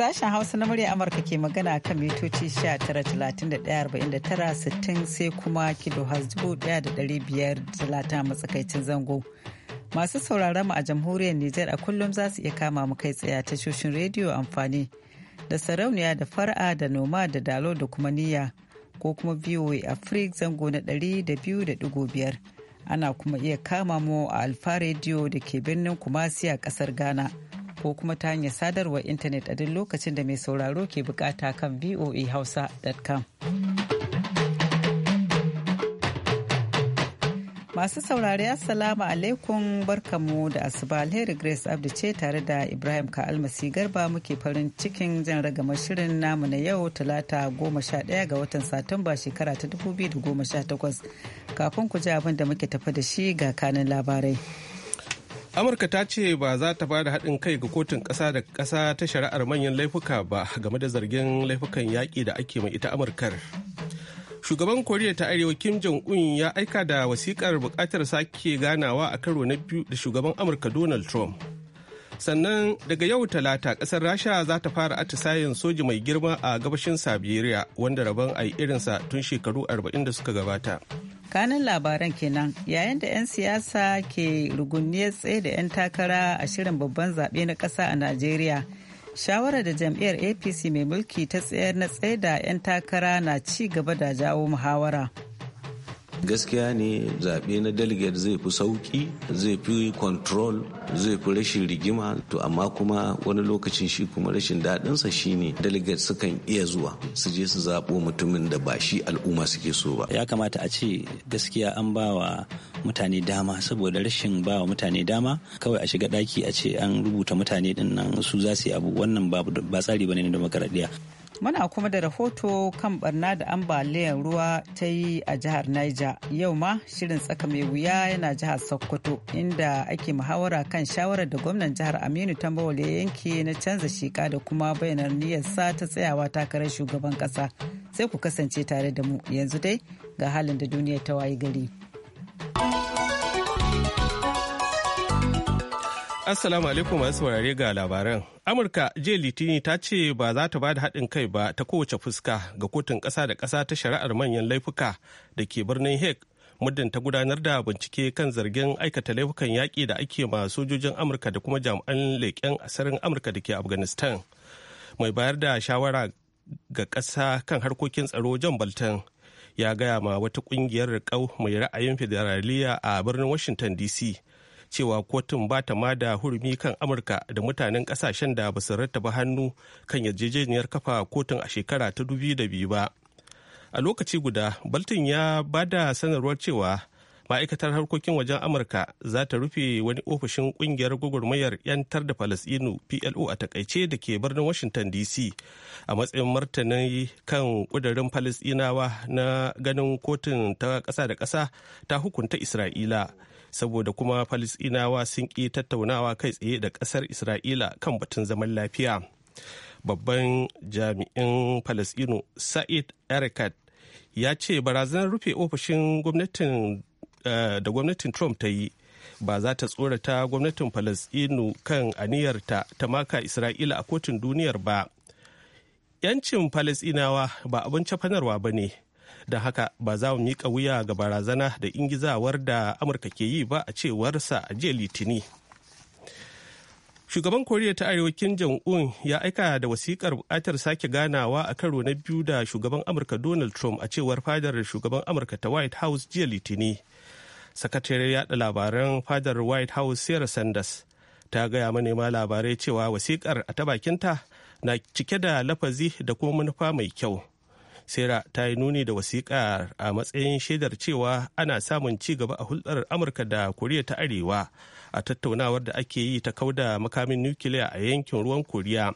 Sashen Hausa na murya Amurka ke magana kan mitoci 19,31,49,60 sai kuma kilo talata matsakaicin zango. Masu sauraron mu a jamhuriyar Nijar a kullum za su iya kama mu kai tsaya ta shoshin rediyo amfani da sarauniya da fara da noma da dalo da kuma niyya ko kuma VOA Africa zango na 200.5. Ana kuma iya kama mu a Alfa rediyo da ke birnin Kumasi a kasar Ghana. ko kuma ta hanyar sadarwar intanet a duk lokacin da mai sauraro ke bukata kan voahausa.com. Masu saurari Assalamu alaikum barkamu da asuba alheri Grace Abdu ce tare da Ibrahim Ka'almasi Garba muke farin cikin jan ragamar shirin namu na yau talata goma sha ɗaya ga watan Satumba shekara ta dubu biyu da goma sha takwas. Kafin ku ji abin da muke tafa da shi ga kanin labarai. amurka ta ce ba za ta ba da haɗin kai ga kotun ƙasa da ƙasa ta shari'ar manyan laifuka ba game da zargin laifukan yaƙi da ake mai ita amurkar shugaban koriya ta arewa kim jong un ya aika da wasikar buƙatar sake ganawa a karo na biyu da shugaban amurka donald trump sannan daga yau talata ƙasar rasha za ta fara atisayen soji mai girma a gabashin siberia wanda rabon a irinsa tun shekaru 40 da suka gabata kanin labaran kenan yayin da 'yan siyasa ke rugunniya tsaye da 'yan takara a shirin babban zaɓe na ƙasa a najeriya shawarar da jam'iyyar apc mai mulki ta tsayar na tsaye da 'yan takara na ci gaba da jawo muhawara. gaskiya ne zaɓe na delegate zai fi sauƙi zai fi control zai fi rashin rigima to amma kuma wani lokacin shi kuma rashin daɗinsa shi ne delegate sukan iya zuwa su je su zaɓo mutumin da ba shi al'umma suke so ba ya kamata a ce gaskiya an ba wa mutane dama saboda rashin ba wa mutane dama kawai a shiga daki a ce an rubuta mutane dinnan su za su yi abu wannan ba tsari ba ne na Muna kuma da rahoto kan barna da ambaliyar ruwa ta yi a jihar Niger. Yau ma shirin tsaka mai wuya yana jihar Sokoto inda ake muhawara kan shawarar da gwamnan jihar Aminu Tambawa ya yanke na canza shika da kuma bayanar niyyarsa ta tsayawa takarar shugaban ƙasa Sai ku kasance tare da mu yanzu dai ga halin da duniya ta waye gari. Assalamu alaikum masu saurare ga labaran. Amurka jiya Litini ta ce ba za ta ba da haɗin kai ba ta kowace fuska ga kotun ƙasa da ƙasa ta shari'ar manyan laifuka da ke birnin Hague muddin ta gudanar da bincike kan zargin aikata laifukan yaƙi da ake ma sojojin Amurka da kuma jami'an leƙen asirin Amurka da ke Afghanistan. Mai bayar da shawara ga ƙasa kan harkokin tsaro John Bolton ya gaya ma wata ƙungiyar riƙau mai ra'ayin federaliya a birnin Washington DC cewa kotun ba ta ma da hurumi kan amurka da mutanen kasashen da ba su rattaba hannu kan yarjejeniyar kafa kotun a shekara ta da biyu ba a lokaci guda baltin ya ba da sanarwar cewa ma'aikatar harkokin wajen amurka za ta rufe wani ofishin kungiyar gwagwarmayar 'yantar da falasinu plo a takaice da ke birnin washington dc a matsayin martani kan kudurin palestinawa na ganin kotun ta ƙasa da ƙasa ta hukunta isra'ila saboda kuma Falisɗinawa sun ƙi tattaunawa kai tsaye da ƙasar Isra'ila kan batun zaman lafiya. Babban jami'in Falasɗinu Sa'id Erekat ya ce barazanar rufe ofishin eh, da gwamnatin Trump ta yi ba za ta tsorata gwamnatin Falasɗinu kan aniyarta ta maka Isra'ila a kotun duniyar ba. Yancin Falasɗinawa ba abin cafanarwa ba ne. da haka ba za mu miƙa wuya ga barazana da ingizawar da amurka ke yi ba a cewarsa a jiya litini shugaban koriya ta arewa kim jong un ya aika da wasikar bukatar sake ganawa a karo na biyu da shugaban amurka donald trump a cewar fadar shugaban amurka ta white house jiya litini ya yada labaran fadar white house sarah sanders ta gaya manema labarai cewa wasikar a ta bakinta na cike da lafazi da kuma manufa mai kyau sera ta yi nuni da wasiƙa a matsayin shaidar cewa ana samun ci gaba a hulɗar amurka da koriya ta arewa a tattaunawar da ake yi ta kauda makamin nukiliya a yankin ruwan koriya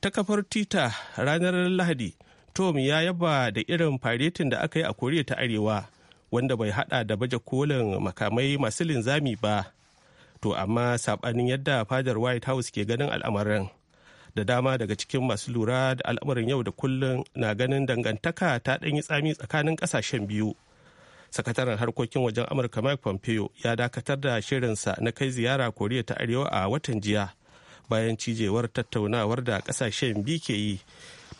ta kafar tita ranar lahadi tom ya yaba da irin faretin da aka yi a koriya ta arewa wanda bai hada da baje kolin makamai masu linzami ba to amma sabanin yadda fadar white house ke ganin al'amarin da dama daga cikin masu lura da al'amarin yau da kullum na ganin dangantaka ta ɗanyi tsami tsakanin ƙasashen biyu sakataren harkokin wajen amurka mike pompeo ya dakatar da shirinsa na kai ziyara koriya ta arewa a watan jiya bayan cijewar tattaunawar da ƙasashen biyu ke yi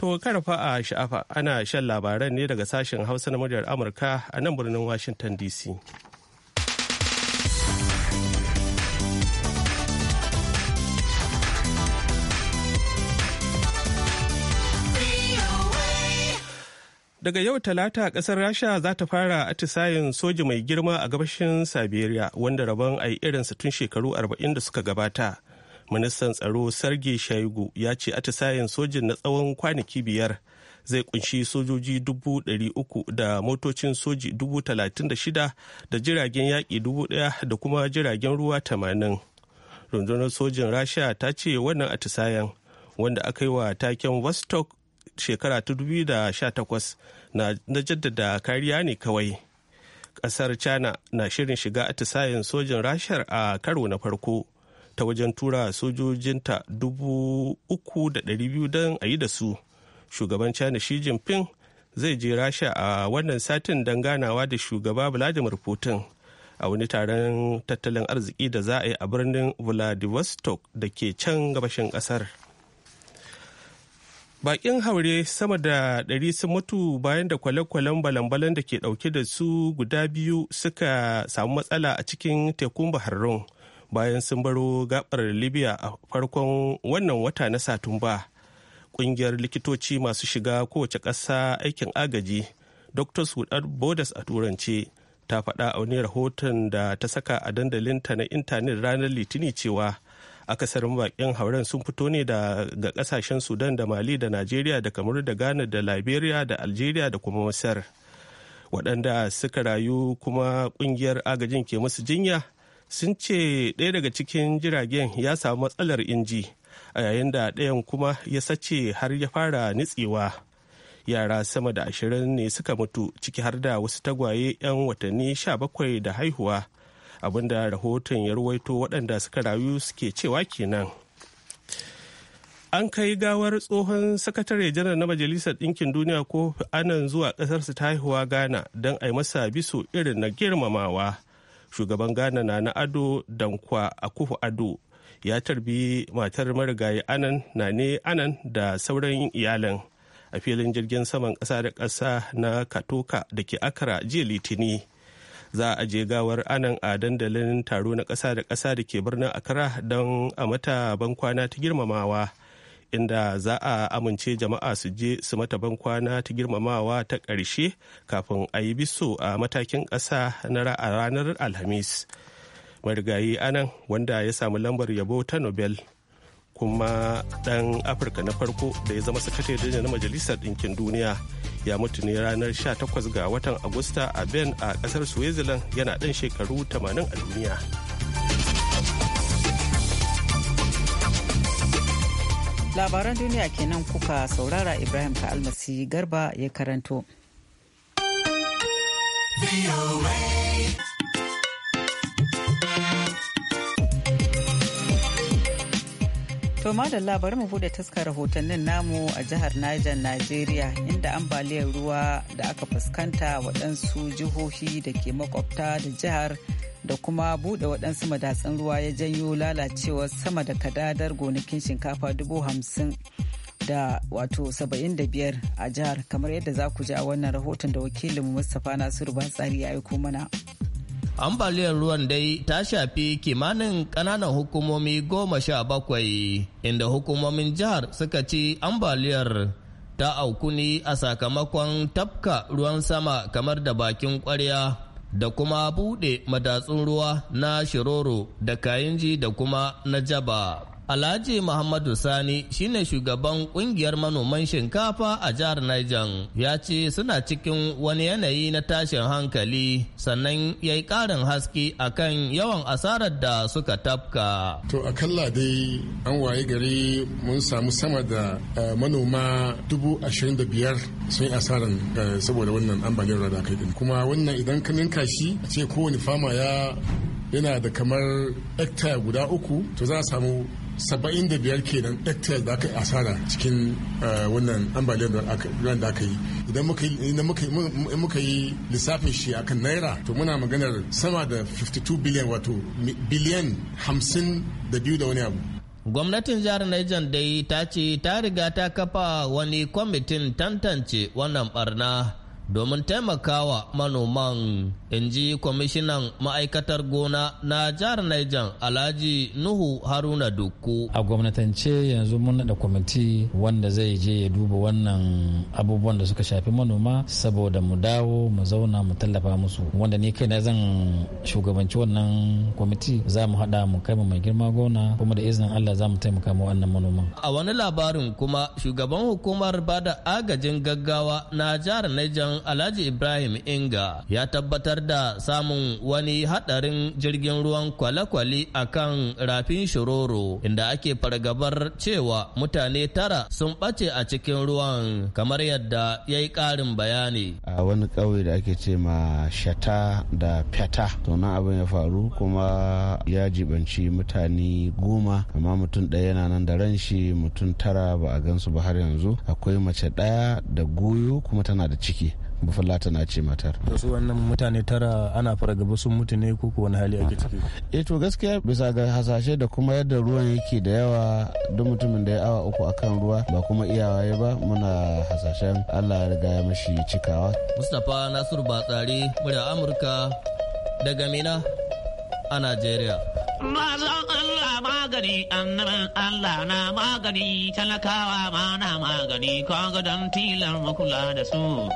to karfa a sha'afa ana shan labaran ne daga sashen hausa na muryar amurka a nan birnin washington dc Daga yau talata kasar Rasha za ta fara atisayen soja mai girma a gabashin Siberia wanda rabon a irinsa tun shekaru 40 da suka gabata. Ministan tsaro sarge Shaigu ya ce atisayen sojin na tsawon kwanaki biyar zai kunshi sojoji dubu uku da motocin soji dubu talatin da shida da jiragen yaƙi dubu ɗaya da kuma jiragen ruwa tamanin. rundunar sojin rasha ta ce wannan atisayen wanda aka yi wa taken vostok shekara ta 2018 na jaddada kariya ne kawai kasar china na shirin shiga atisayen sojin rashar a karo na farko ta wajen tura sojojinta 3,200 don a yi da su shugaban china shi jinping zai je rasha a wannan satin don ganawa da shugaba vladimir putin a wani taron tattalin arziki da za a yi a birnin vladivostok da ke can gabashin kasar. bakin haure sama da ɗari sun mutu bayan da kwale-kwalen balan-balan da ke ɗauke da su guda biyu suka samu matsala a cikin tekun baharrun bayan sun baro gabar libya a farkon wannan wata na satumba ƙungiyar likitoci masu shiga kowace ƙasa aikin agaji doctors without borders a turance ta faɗa a wani rahoton da ta saka a dandalinta na intanet ranar litinin cewa akasarin bakin hauren sun fito ne daga kasashen sudan da mali da najeriya da kamaru da ghana da liberia da algeria da kuma masar waɗanda suka rayu kuma ƙungiyar agajin ke musu jinya sun ce ɗaya daga cikin jiragen ya samu matsalar inji a yayin da ɗayan kuma ya sace har ya fara nitsewa yara sama da ashirin ne suka mutu ciki har da wasu tagwaye 'yan watanni sha bakwai da haihuwa abinda rahoton ya ruwaito waɗanda suka rayu suke cewa kenan an kai gawar tsohon sakatare janar na majalisar ɗinkin duniya ko anan zuwa ƙasarsa ta haihuwa ghana don a yi masa biso irin na girmamawa shugaban ghana na na ado dankwa kufu ado ya tarbi matar marigayi anan na ne anan da sauran iyalan a filin jirgin saman ƙasa da ƙasa na katoka da ke akara jiya litini za a je gawar anan a dandalin taro na ƙasa da ƙasa da ke birnin Accra don a mata bankwana ta girmamawa inda za a amince jama'a su je su mata bankwana ta girmamawa ta ƙarshe kafin a yi biso a matakin ƙasa na ranar Alhamis. Marigayi anan wanda ya samu lambar yabo ta Nobel kuma ɗan afirka na farko da ya zama sakatare na majalisar ɗinkin duniya ya mutu ne ranar 18 ga watan agusta a ben a ƙasar switzerland yana ɗan shekaru 80 a duniya labaran duniya kenan kuka saurara ibrahim ka almasi garba ya karanto. To madalla bari mu bude taskar rahotannin namu a jihar Niger Najeriya inda ambaliyar ruwa da aka fuskanta waɗansu jihohi da ke makwabta da jihar da kuma buɗe waɗansu madatsin ruwa ya janyo lalacewar sama da kadadar gonakin shinkafa dubu hamsin da wato saba'in da biyar a jihar kamar yadda za ku ji a wannan rahoton da wakilin Mustapha Nasiru Batsari ya aiko mana. ambaliyar ruwan dai ta shafi kimanin ƙananan hukumomi goma sha bakwai inda hukumomin jihar suka ci ambaliyar ta auku ne a sakamakon tafka ruwan sama kamar da bakin kwarya da kuma buɗe madatsun ruwa na shiroro da kayinji da kuma na jaba Alhaji Muhammadu Sani shine shugaban kungiyar manoman shinkafa a jihar Niger ya ce suna cikin wani yanayi na tashin hankali sannan ya yi ƙarin haske akan yawan asarar da suka tafka. To akalla dai an waye gari mun samu sama da eh, manoma dubu ashirin da biyar sun yi asarar eh, saboda wannan ambaliyar da kai kuma wannan idan ka ninka shi a ce kowane fama ya yana da kamar hekta guda uku to za a samu saba'in da biyar kenan hectare da aka yi asara cikin eh, wannan ambaliyar da aka yi idan muka yi lissafin shi akan naira to muna maganar sama da 52 biliyan wato biliyan 50 da biyu da wani abu gwamnatin jihar Niger dai ta ce ta riga ta kafa wani kwamitin tantance wannan barna domin taimakawa manoman in ji kwamishinan ma'aikatar gona na jihar Niger alhaji nuhu haruna dukku a gwamnatance yanzu mun da kwamiti wanda zai je ya duba wannan abubuwan da suka shafi manoma saboda mu dawo mu zauna mu tallafa musu wanda ni kai na zan shugabanci wannan kwamiti za mu haɗa mu kai mai girma gona kuma da izinin allah za mu taimaka mu wannan manoman a wani labarin kuma shugaban hukumar bada agajin gaggawa na jihar Niger Alhaji Ibrahim Inga ya tabbatar da samun wani hadarin jirgin ruwan kwale-kwale a kan rafin Shiroro inda ake fargabar cewa mutane tara sun ɓace a cikin ruwan kamar yadda ya yi ƙarin bayani. A wani ƙauye da ake ce ma shata da fata to abin ya faru kuma ya jibanci mutane goma amma mutum ɗaya yana nan da ran shi mutum tara ba a gansu ba har yanzu akwai mace ɗaya da goyo kuma tana da ciki mafalata na ce matar da su wannan mutane tara ana fargaba sun mutu ne ko wani hali ake ciki eh to gaskiya bisa ga hasashe da kuma yadda ruwan yake da yawa duk mutumin da ya awa uku akan ruwa ba kuma iyawa ya ba muna hasashen Allah ya riga ya mashi cikawa Mustapha Nasiru Batsari murya Amurka daga Mina a allah magani annabin Allah na magani talakawa ma na magani kaga gadon tilar makula da su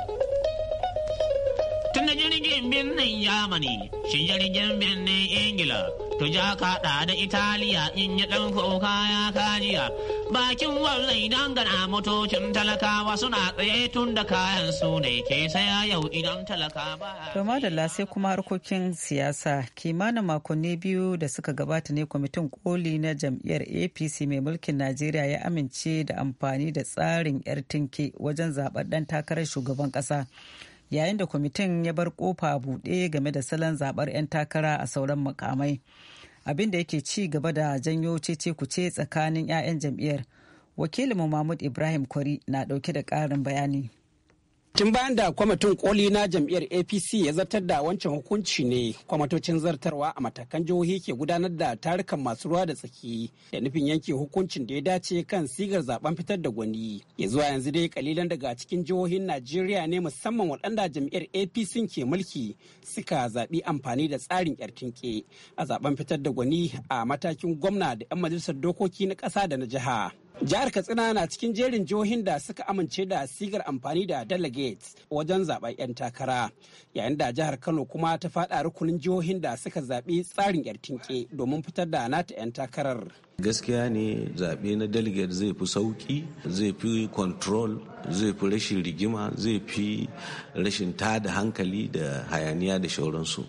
jirgin birnin Yamani, shi jirgin birnin Ingila, to ja kaɗa da Italiya in yi ɗan kuka ya kajiya. Bakin wannan idan gana motocin talakawa suna tsaye tun da kayan su ne ke saya yau idan talaka ba. To madalla sai kuma harkokin siyasa kimanin makonni biyu da suka gabata ne kwamitin koli na jam'iyyar APC mai mulkin Najeriya ya amince da amfani da tsarin 'yar tinke wajen zaɓar ɗan takarar shugaban ƙasa. yayin da kwamitin ya bar kofa buɗe game da salon zaɓar 'yan takara a sauran makamai abin da yake ci gaba da janyo cece kuce tsakanin 'ya'yan jam'iyyar wakilinmu mahmud ibrahim kwari na ɗauke da ƙarin bayani Tun bayan da kwamitin koli na jam'iyyar APC ya zartar da wancan hukunci ne kwamitocin zartarwa a matakan jihohi ke gudanar da tarukan masu ruwa da tsaki da nufin yanke hukuncin da ya dace kan sigar zaben fitar da gwani. Ya zuwa yanzu dai kalilan daga cikin jihohin Najeriya ne musamman waɗanda jam'iyyar APC ke mulki suka zaɓi amfani da tsarin yartinke a zaben fitar da gwani a matakin gwamna da 'yan majalisar dokoki na ƙasa da na jiha. Jihar Katsina na cikin jerin jihohin da suka amince da sigar amfani da delegates wajen zaben 'yan takara, yayin da jihar Kano kuma ta faɗa rukunin jihohin da suka zaɓi tsarin 'yartinƙe domin fitar da nata 'yan takarar. gaskiya ne zaɓe na delegate zai fi sauki zai fi control zai fi rashin rigima zai fi rashin tada hankali da hayaniya da shauransu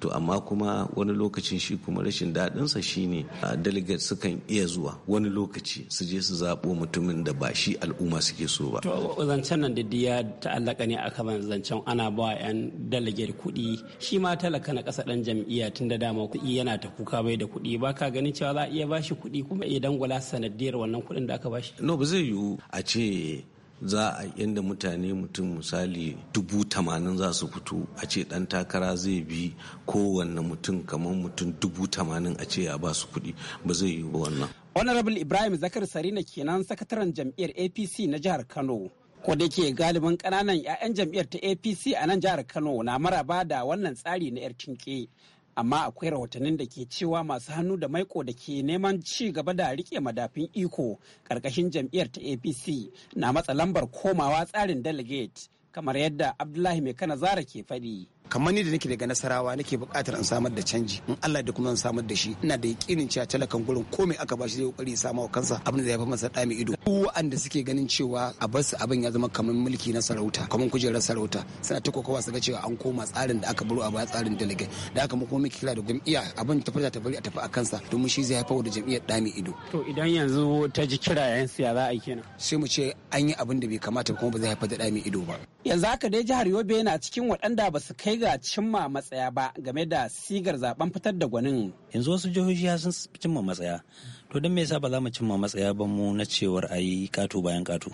to amma kuma wani lokacin shi kuma rashin daɗinsa shine delegate sukan iya zuwa wani lokaci su je su zaɓo mutumin da ba shi al'umma suke so ba. to zancen nan da ya ta'allaka ne a kaman zancen ana bawa 'yan delegate kuɗi shi ma talaka na ƙasa ɗan jam'iyya tun da dama kuɗi yana ta kuka bai da kuɗi ba ka ganin cewa za a iya ba shi kuɗi kuɗi kuma iya dangwala sanadiyar wannan kuɗin da aka bashi. No ba zai yiwu a ce za a inda mutane mutum misali dubu tamanin za su fito a ce dan takara zai bi kowanne mutum kamar mutum dubu tamanin a ce ya ba su kuɗi ba zai yi ba wannan. honorable ibrahim zakar sarina kenan sakataren jam'iyyar apc na jihar kano ko da ke galibin kananan 'ya'yan jam'iyyar ta apc a nan jihar kano na maraba da wannan tsari na 'yar tinke amma akwai rahotannin da ke cewa masu hannu da maiko da ke neman ci gaba da rike madafin iko karkashin jam'iyyar ta apc na matsa lambar komawa tsarin delegate kamar yadda abdullahi mai kana zara ke faɗi. kamar ni da nake daga nasarawa nake buƙatar in samar da canji in Allah da kuma in samar da shi ina da yakinin cewa talakan gurin ko me aka bashi zai kokari ya samu wa kansa abin da ya fi masa da mai ido wa'anda suke ganin cewa a bar su abin ya zama kamar mulki na sarauta kamar kujerar sarauta suna ta kokawa su ga cewa an koma tsarin da aka buru a baya tsarin dalage da aka kuma muke kira da jam'iyya abin ta fara ta bari a tafi a kansa domin shi zai haifar da jam'iyyar da ido to idan yanzu ta ji kira yan siya za a yi kenan sai mu ce an yi abin da bai kamata kuma ba zai haifar da ido ba yanzu haka dai jihar Yobe yana cikin waɗanda ba su kai da cimma matsaya ba game da sigar zaben fitar da gwanin yanzu wasu jihohi sun cimma matsaya to don me yasa ba za mu cimma matsaya ba mu na cewar a yi kato bayan kato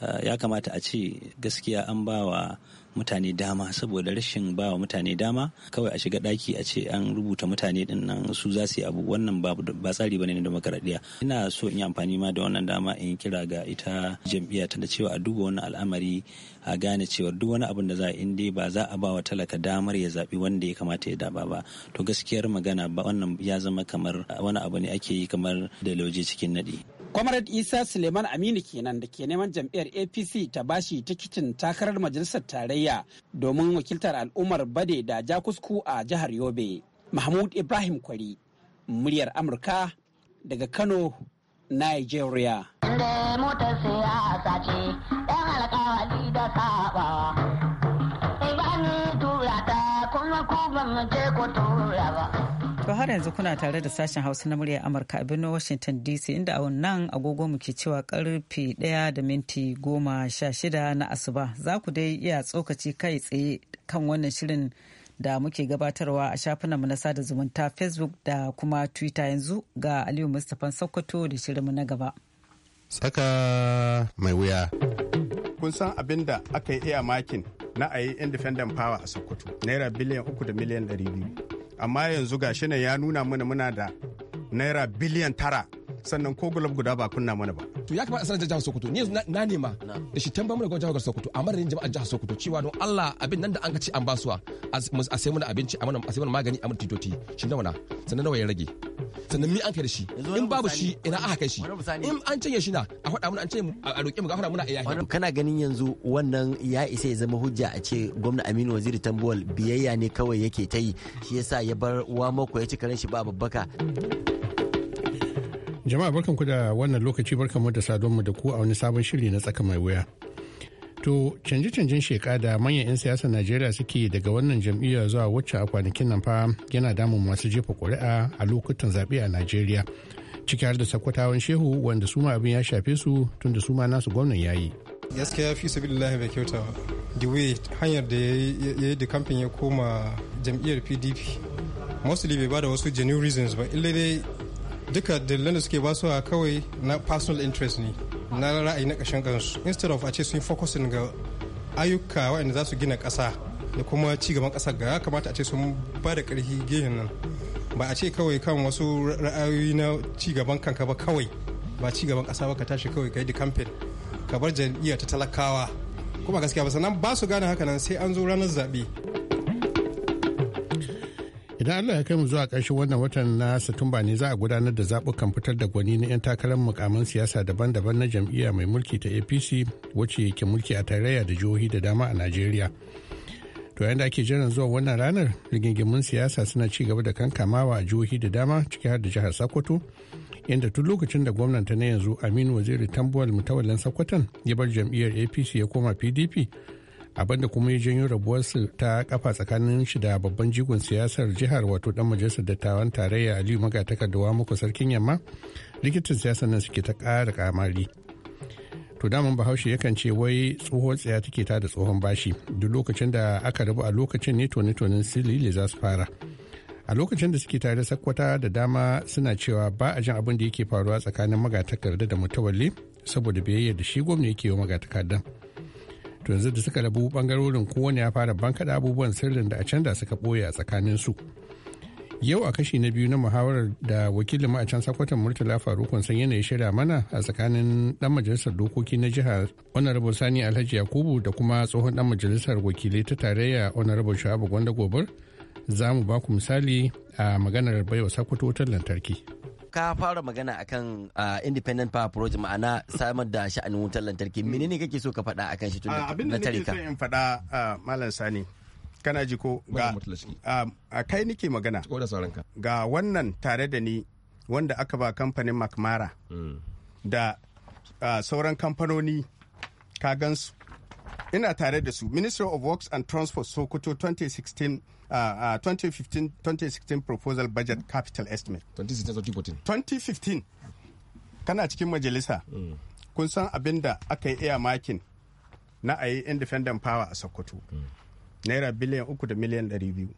ah, ya kamata a ce gaskiya an ba wa mutane dama saboda rashin ba wa mutane dama kawai a shiga daki a ce an rubuta mutane din nan su za su yi abu wannan ba tsari bane na demokaradiyya ina so in yi amfani ma da wannan dama in kira ga ita jam'iyya ta da cewa a duba wannan al'amari a gane cewa duk wani abin da za in dai ba za a ba wa talaka damar ya zabi wanda ya kamata ya daba ba to gaskiyar magana ba wannan ya zama kamar wani abu ne ake yi kamar da lauje cikin nadi. Comrade Isa Suleiman Aminu kenan da ke neman jam'iyyar APC ta bashi tikitin takarar majalisar tarayya domin wakiltar al'ummar Bade da Jakusku a jihar Yobe. Mahmud Ibrahim Kwari, muryar Amurka daga Kano, Nigeria. motar da kuma kuma mace ko tura ba. To har yanzu kuna tare da sashen Hausa na murya Amurka a birnin Washington DC inda a wannan agogo muke cewa karfe ɗaya da minti goma sha shida na asuba. Za ku dai iya tsokaci kai tsaye kan wannan shirin da muke gabatarwa a shafinanmu na sada zumunta Facebook da kuma Twitter yanzu ga Aliyu Mustapha Sokoto da shirinmu na gaba. Saka mai wuya. Kun san abin da aka yi iya makin na a yi independent power a Sokoto, naira biliyan uku da miliyan ɗari biyu. amma yanzu gashi nan ya nuna mana muna da naira biliyan tara sannan ko gulab guda ba kunna mana ba. To ya kamata a sanar da jihar Sokoto ni na nema da shi tambar mana jihar Sokoto a madadin jama'ar jihar Sokoto cewa don Allah abin nan da an ka ce an basuwa a sai mana abinci a mana magani a mana titoti shi nawa na sannan nawa ya rage. sannan mi an kai da shi in babu shi ina aka kai shi in an canye shi na a faɗa mana an canye a roƙe mu mana a iya kana ganin yanzu wannan ya isa ya zama hujja a ce gwamna Aminu Waziri Tambuwal biyayya ne kawai yake ta yi shi yasa ya bar wa mako ya ci karen shi ba babbaka Jama'a barkanku da wannan lokaci mu da mu da ku a wani sabon shiri na tsaka mai wuya. To canje-canjen sheka da manyan 'yan siyasar Najeriya suke daga wannan jam'iyyar zuwa wacce a kwanakin nan fa yana damun masu jefa ƙuri'a a lokutan zaɓe a Najeriya. Ciki har da sakwatawan shehu wanda su ma abin ya shafe su tun da su ma nasu gwamnan yayi. Gaskiya fi su billahi bai kyauta ba. Diwe hanyar da ya yi da kamfin ya koma jam'iyyar PDP. Mostly bai ba da wasu genuine reasons ba. Illa dai duka dalilan da suke basuwa kawai na personal interest ne na ra'ayi na ƙashin kansu instead of a ce sun focusing ga ayyuka waɗanda za su gina ƙasa da kuma ci gaban ƙasar ga kamata a ce sun ba da ƙarfi gehen nan ba a ce kawai kan wasu ra'ayoyi na ci gaban kanka ba kawai ba ci gaban ƙasa ba ka tashi kawai ka yi da ka bar jam'iyya ta talakawa kuma gaskiya ba sannan ba su gane haka nan sai an zo ranar zaɓe idan allah ya kai mu zuwa ƙarshen wannan watan na satumba ne za a gudanar da zaɓukan fitar da gwani na 'yan takarar mukaman siyasa daban-daban na jam'iyya mai mulki ta apc wacce ke mulki a tarayya da jihohi da dama a najeriya to yadda ake jiran zuwa wannan ranar rigingimun siyasa suna ci gaba da kankamawa a jihohi da dama ciki har da jihar sokoto inda tun lokacin da gwamnanta na yanzu aminu waziri tambuwal mutawallin sokoton ya bar jam'iyyar apc ya koma pdp da kuma ya janyo rabuwarsu ta kafa tsakanin shi da babban jigon siyasar jihar wato dan majalisar dattawan tarayya aliyu wa muku sarkin yamma likitan siyasar nan suke ta ƙara kamari to daman bahaushe yakan ce wai tsohon tsaya take ta da tsohon bashi duk lokacin da aka rabu a lokacin ne tone-tonen silili za su fara a lokacin da suke tare sakwata da dama suna cewa ba a jin abin da yake faruwa tsakanin magatakarda da mutawalli saboda biyayya da shi gwamna yake yi wa magatakarda to yanzu da suka rabu bangarorin kowane ya fara bankaɗa abubuwan sirrin da a can suka ɓoye a tsakanin su yau a kashi na biyu na muhawarar da wakilin a can sakwatan murtala farukun san yanayi shirya mana a tsakanin dan majalisar dokoki na jihar honorable sani alhaji yakubu da kuma tsohon dan majalisar wakilai ta tarayya honorable shu'abu gwanda gobar. za mu ba ku misali a maganar baiwa sakwato wutar lantarki ka fara magana akan independent power project ma'ana samar da sha'anin wutar lantarki menene kake so ka faɗa akan shi tun da abin da nake so in faɗa malam sani kana ji ko ga a kai nake magana ga wannan tare da ni wanda aka ba kamfanin macmara hmm. da sauran kamfanoni ka gansu ina tare da su ministry of works and transport sokoto 2016 uh, uh, 2015 2016 proposal budget capital estimate 2016 2015 kana cikin majalisa mm. kun san abin da aka yi iya makin na a yi independent power a sokoto mm. naira biliyan uku da miliyan ɗari biyu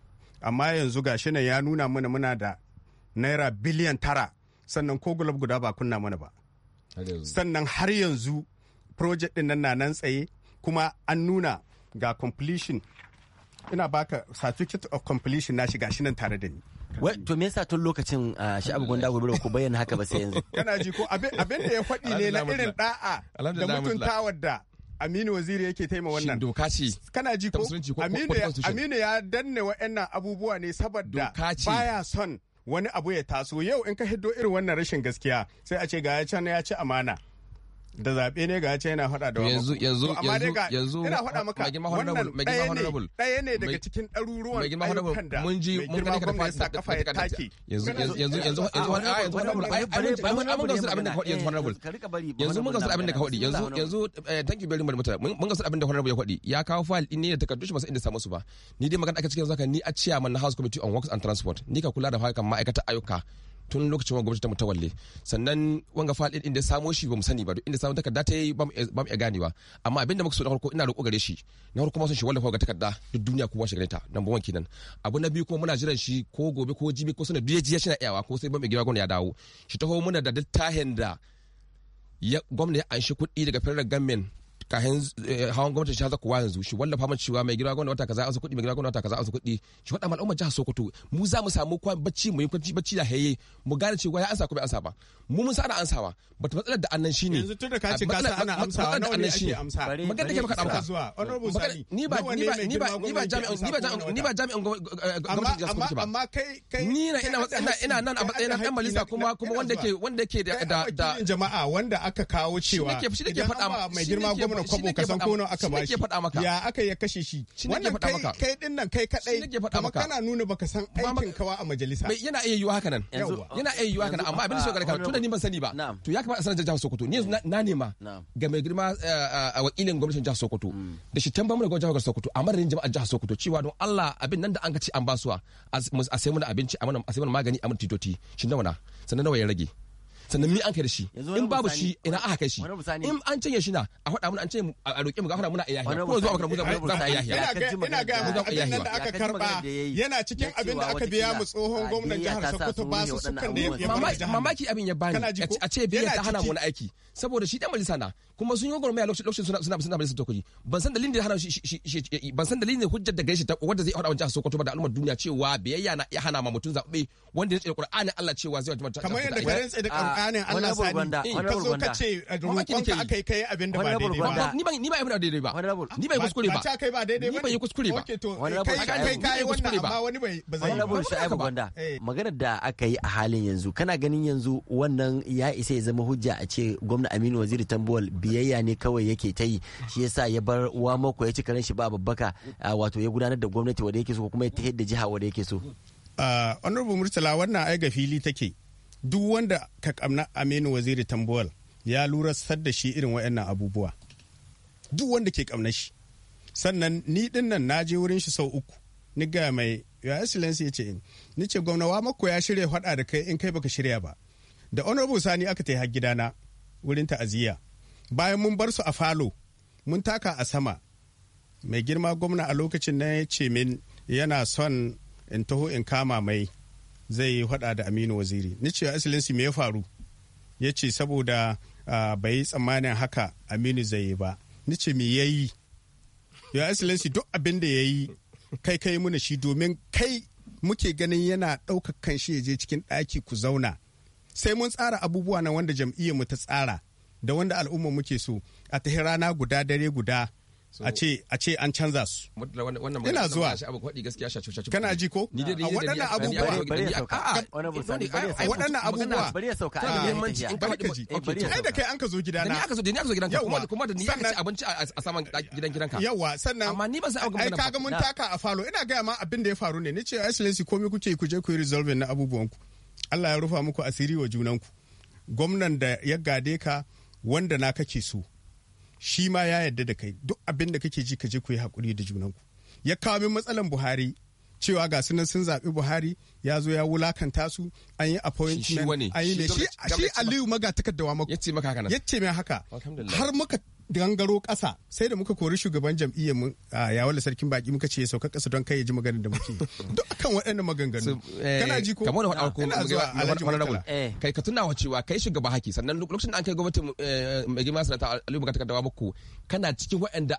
amma yanzu ga shi ya nuna mana muna da naira biliyan tara sannan ko gulab guda ba kunna mana ba sannan har yanzu project din nan na nan tsaye kuma an nuna ga completion ina baka certificate of completion na shiga shi nan tare da ni wai to me yasa tun lokacin ah, sha'abu gunda gobe ku bayyana haka ba sai yanzu kana ji ko abin da ya faɗi ne na irin da'a da mutuntawar da Aminu Waziri yake taima wannan. doka ce. Kana ji ko? Aminu ya danne wa'annan abubuwa ne saboda baya son wani abu ya taso yau in ka hiddo irin wannan rashin gaskiya sai a ce ga ya can ya ci amana. da zaɓe ne ga yana faɗa da yanzu yanzu yanzu ina faɗa maka ɗaya ne daga cikin ɗaruruwan mun ji mun gani kada kafa ya take yanzu yanzu yanzu yanzu honorable ai ai mun mun abin da yanzu honorable yanzu mun abin da ka yanzu yanzu thank you very much mun abin da honorable ya ya kawo file takardu shi ba sai inda samu su ba ni dai magana aka cikin zaka ni a chairman na house committee on works and transport ni ka kula da harkar ma'aikata ayyuka tun lokacin wanga gwamnati ta mutawalle sannan wanga faɗi da samo shi ba mu sani ba inda samo takarda ta yi ba mu iya ganewa amma abin da muka so na farko ina roƙo gare shi na farko sun shi wallafa ga takarda duk duniya kowa shi gare ta nan ba kenan abu na biyu kuma muna jiran shi ko gobe ko jibi ko sanar duk ya shi na iyawa ko sai ba mu iya gwamnati ya dawo shi taho muna da littafin da gwamnati ya anshi kuɗi daga federal government kahin eh, hawan gwamnati ta zakuwa yanzu zuci wanda mun cewa mai gida gwamnati wata kaza asu kuɗi mai gida gwamnati wata kaza asu kuɗi shi faɗa al'ummar jihar Sokoto mu za mu samu kwan bacci mu yi kwanci bacci da haye mu gane cewa ya ansa ko bai ansa ba mu mun sa ana ansawa bata matsalar da annan shine yanzu tunda ka ce ka ana amsawa nawa ne ake amsa magana da ke maka dauka ni ba ni ba ni ba ni ba jami'an ni ba jami'an eh, eh, ni ba jami'an gwamnati jihar Sokoto ba amma kai kai ni na ina ina nan a matsayin dan malisa kuma kuma wanda ke wanda ke da da jama'a wanda aka kawo cewa shi ne ke faɗa mai girma gwamnati naira kwabo ka san ko aka ba shi ya aka ya kashe shi wannan kai kai din nan kai kadai kuma kana nuna baka san aikin kawa a majalisa yana iya yiwa haka nan yana iya yiwa haka nan amma abin da shi tun tunda ni ban sani ba to ya kamata sanar da jihar Sokoto ni yanzu na nema ga mai girma eh, eh, a wakilin gwamnatin jihar Sokoto mm. da shi tambar mu da jihar Sokoto a madadin jama'ar jihar Sokoto cewa don Allah abin nan da an ka ci an basuwa a sai mu abinci a sai mun magani a mun titoti Shin nawa na sanan nawa ya rage sannan mi an kai da shi in babu shi ina aka kai shi in an canye shi na a faɗa muna an canye a roƙe mu ga faɗa muna a yahiya ko zuwa makarantu za ta yahiya ina ga yahiya da aka karba yana cikin abin da aka biya mu tsohon gwamnatin jihar Sokoto ba su sukan da ya mamaki abin ya bani a ce biya ta hana mu aiki saboda shi dan majalisa na kuma sun yi gwamnati lokacin lokacin suna suna suna majalisa tokoji ban san dalilin da hana shi ban san dalilin hujjar da gaishe ta wanda zai faɗa wa jihar Sokoto ba da al'ummar duniya cewa biyayya na ya hana ma mutum zaɓe wanda ya ce Qur'anin Allah cewa zai wata kamar yadda garin tsaye da Qur'anin Allah sani ka zo ka ce roƙon ka aka yi kai abin da ba daidai ba ni ba ni ba abin da daidai ba ni ba yi kuskure ba ba kai ba daidai ba ni ba kuskure ba kai kai kai wannan amma wani bai ba zai ba shaibu gwanda eh. maganar da aka yi a halin yanzu kana ganin yanzu wannan ya isa ya zama hujja a ce gwamna Aminu Waziri Tambuwal biyayya ne kawai yake ta yi shi yasa ya bar uwa mako ya ci karen shi ba babbaka wato ya gudanar da gwamnati wanda yake so kuma ya tahid da jiha wanda yake so ah, honorable murtala wannan ai ga fili take duk wanda ka kamna aminu waziri tambuwal ya lura da shi irin waɗannan abubuwa duk wanda ke kamna shi sannan ni din nan na je wurin shi sau uku ni ga mai ya excellency ya ce in ni ce gwamnawa mako ya shirya faɗa da kai in kai baka shirya ba da honorable sani aka ta har gidana wurin ta'aziyya bayan mun bar su a falo mun taka a sama mai girma gwamna a lokacin na ya ce min yana son in taho in kama mai zai yi faɗa da aminu waziri ni ce asilinsu me ya faru ya ce saboda bai yi tsammanin haka aminu zai yi ba ni ce me ya yi ya asilinsu duk abin da ya yi kai kai muna shi domin kai muke ganin yana ɗaukar kan shi ya je cikin ɗaki ku zauna sai mun tsara abubuwa na wanda jam'iyyar mu ta tsara da wanda al'umma muke so a tahi rana guda dare guda a ce a ce an canza su ina zuwa kana ji ko waɗannan abubuwa waɗannan abubuwa eh, ai da kai an ka zo gida na aka ni aka zo gidanka kuma kuma da ni aka ci abinci a saman gidan gidanka yawa sannan amma ni ba sai ai kaga mun taka a falo ina ga ma abin da ya faru ne nace excellency komai kuke ku je ku resolve na abubuwan ku Allah ya rufa muku asiri wa junanku gwamnan da ya gade ka wanda na kake so shi ma ya yarda da kai duk abin da kake ji ka je ku yi hakuri da junanku ya kawo min matsalan buhari cewa ga sunan sun zaɓi buhari ya zo ya wulakanta su an yi appointment an yi shi aliyu maga takardawa maka ya ce maka haka har muka gangaro ƙasa sai da muka kori shugaban jam'iyyar mu a yawon sarkin baki muka ce sauka ƙasa don kai ya ji maganar da muke duk akan waɗannan maganganu eh, kana ji ko kamar da faɗa ko honorable eh. kai ka tunawa cewa kai shugaba haki sannan lokacin da an kai gwamnatin eh, mai girma sanata Aliyu Bukata Kadawa muku kana cikin waɗanda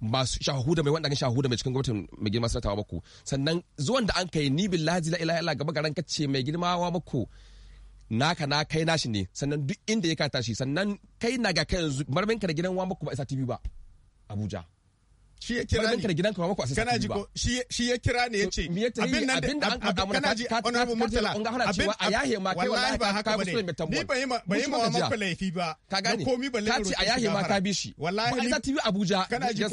masu da mai wanda kan da mai cikin gwamnatin mai girma sanata wa muku sannan zuwan da an kai ni billahi la ilaha illa gaba garan kace mai girma wa muku naka na kai nashi ne sannan duk inda ya kata shi sannan kai na ga kai yanzu marmin ka da gidan wa muku ba isa TV ba Abuja shi ya kira ni gidanka ba mako kana ji ko shi ya kira ne yace abin nan abin da an faɗa mana kana ji honorable murtala abin a yahe ma kai wallahi ba haka bane ni ba yi ma ba yi ma mako laifi ba ka gane komi balle ka ce a yahe ma ka bi shi wallahi ni TV Abuja kana ji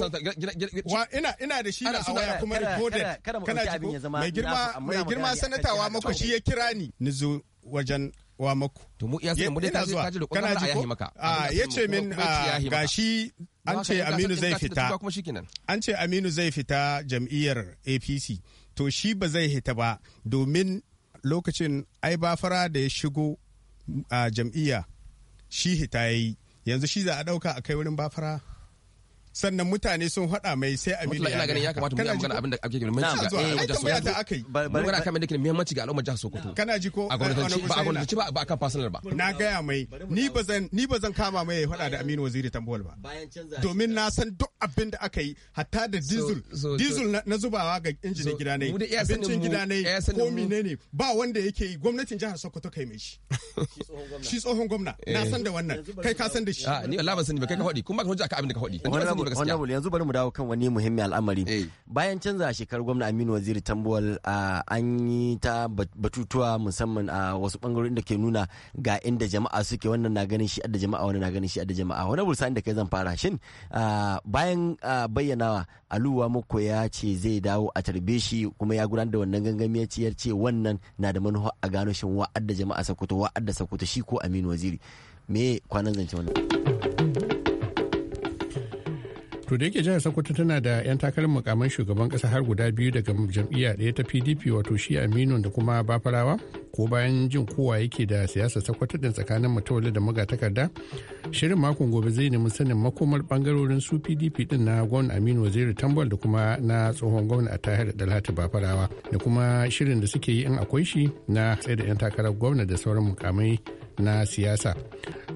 wa ina ina da shi na awaya kuma recorded kana ji ko mai girma mai girma sanata wa mako shi ya kira ni nizo wajen wa maku to mu iya sanin mu dai kaji kaji da Allah ya yi ah, maka ya ce min gashi an ce Aminu zai fita an ce Aminu zai fita jam'iyyar APC to shi ba zai hita ba domin lokacin ai ba fara da ya shigo a ah, jam'iyya shi hita yayi yanzu shi za a dauka a kai wurin ba fara sannan mutane sun haɗa mai sai a da ina ganin ya kamata mu yi magana abin da ake kira muhimmanci ga eh jihar Sokoto ta akai magana kan abin da ke muhimmanci ga al'umma jihar Sokoto kana ji ko a gwamnati ba a gwamnati ba ba kan personal ba na gaya mai ni bazan ni bazan kama mai ya haɗa da Aminu Waziri Tambol ba domin na san duk abin da aka yi hatta da diesel diesel na zubawa ga injinin gida ne abincin gida ne ko menene ba wanda yake yi gwamnatin jihar Sokoto kai mai shi shi tsohon gwamna na san da wannan kai ka san da shi ni wallahi ban sani ba kai ka hodi kuma ba ka hujja aka abin da ka hodi honorable yanzu bari mu dawo kan wani muhimmin al'amari eh. bayan canza shekarar gwamna aminu waziri tambuwal an yi ta batutuwa musamman a wasu bangarorin da ke nuna ga inda jama'a suke wannan na ganin shi adda jama'a wannan na ganin shi adda jama'a abu sani da kai zan fara shin bayan bayyanawa aluwa muku ya ce zai dawo a tarbe shi kuma ya gudanar da wannan gangami ya ce ce wannan na da manufa a gano shin wa adda jama'a sakoto wa adda sakoto shi ko aminu waziri me kwanan zance wannan to da yake jihar sokoto tana da 'yan takarar mukamin shugaban kasa har guda biyu daga jam'iyya ɗaya ta pdp wato shi aminu da kuma bafarawa ko bayan jin kowa yake da siyasa sokoto din tsakanin mutawalli da takarda shirin makon gobe zai nemi sanin makomar bangarorin su pdp din na gwamna aminu waziri tambal da kuma na tsohon gwamna a tahir dalhatu bafarawa da kuma shirin da suke yi in akwai shi na tsaye da 'yan takarar gwamna da sauran mukamai na siyasa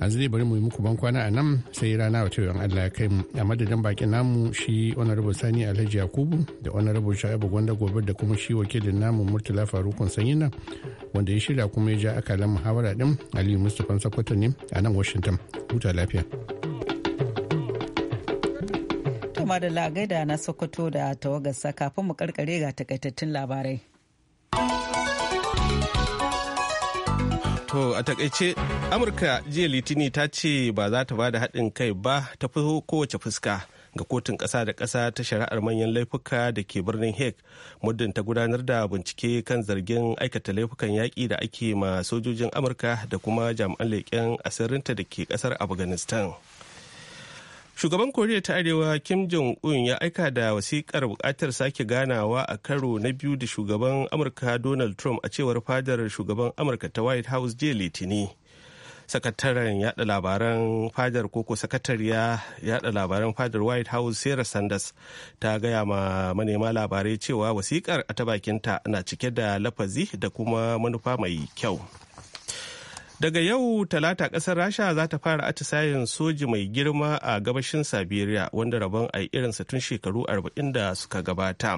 yanzu zai bari mu yi muku ban kwana a nan sai rana wata yawan allah ya kai mu a madadin bakin namu shi honorable sani alhaji yakubu da honorable sha'ibu gwanda gobe da kuma shi wakilin namu murtala farukun sanyina wanda ya shirya kuma ya ja akalan muhawara din aliyu mustapha sakwato ne a nan washington huta lafiya Fatima da Lagaida na Sokoto da tawagarsa kafin mu karkare ga takaitattun labarai. To a takaice Amurka jiya Litini ta ce ba za ta ba da haɗin kai ba ta fi kowace fuska ga kotun ƙasa da ƙasa ta shari'ar manyan laifuka da ke birnin Hague muddin ta gudanar da bincike kan zargin aikata laifukan yaƙi da ake ma sojojin Amurka da kuma jami'an leƙen asirinta da ke ƙasar Afghanistan. shugaban koriya ta arewa kim jong un ya aika da wasikar bukatar sake ganawa a karo na biyu da shugaban amurka donald trump a cewar fadar shugaban amurka ta white house jiya litini sakataren yada labaran fadar koko sakatariya yada labaran fadar white house sarah sanders ta gaya ma manema labarai cewa wasikar a ta bakinta na cike da lafazi da kuma manufa mai kyau daga yau talata kasar rasha za ta fara atisayen soji mai girma a gabashin siberia wanda rabon a irinsa tun shekaru 40 da suka gabata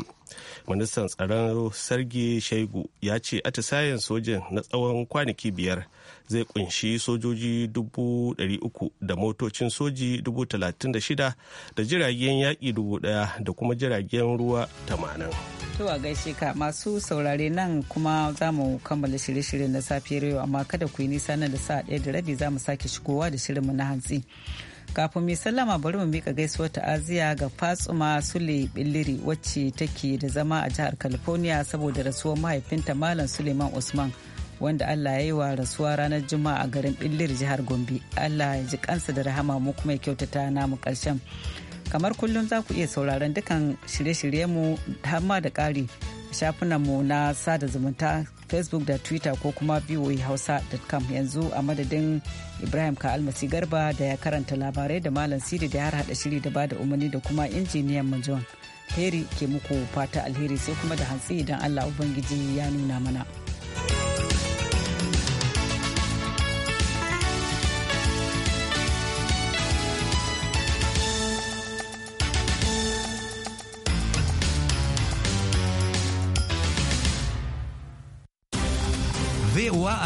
ministan tsaron sargi shaigu ya ce atisayen sojin na tsawon kwanaki biyar zai kunshi sojoji 300,000 da motocin soji 36,000 da jiragen yaƙi 1,000 da kuma jiragen ruwa 80. To a gaishe ka masu saurare nan kuma za mu kammala shirye-shiryen na safiyar yau amma kada ku yi nisa nan da sa'a ɗaya da rabi za mu sake shigowa da shirinmu na hantsi. kafin mai sallama bari mu mika gaisuwar ta'aziya ga fatsuma sule billiri wacce take da zama a jihar california saboda rasuwar mahaifinta malam suleiman usman wanda Allah ya yi wa rasuwa ranar Juma'a a garin Billir jihar Gombe. Allah ya ji kansa da rahama mu kuma ya kyautata namu karshen. Kamar kullum za ku iya sauraron dukan shirye-shiryenmu har ma da ƙari shafinanmu na sada zumunta Facebook da Twitter ko kuma Hausa.com yanzu a madadin Ibrahim Ka Almasi Garba da ya karanta labarai da Malam Sidi da ya harhaɗa shiri da bada umarni da kuma injiniyan mu Heri ke muku fata alheri sai kuma da hantsi idan Allah Ubangiji ya nuna mana.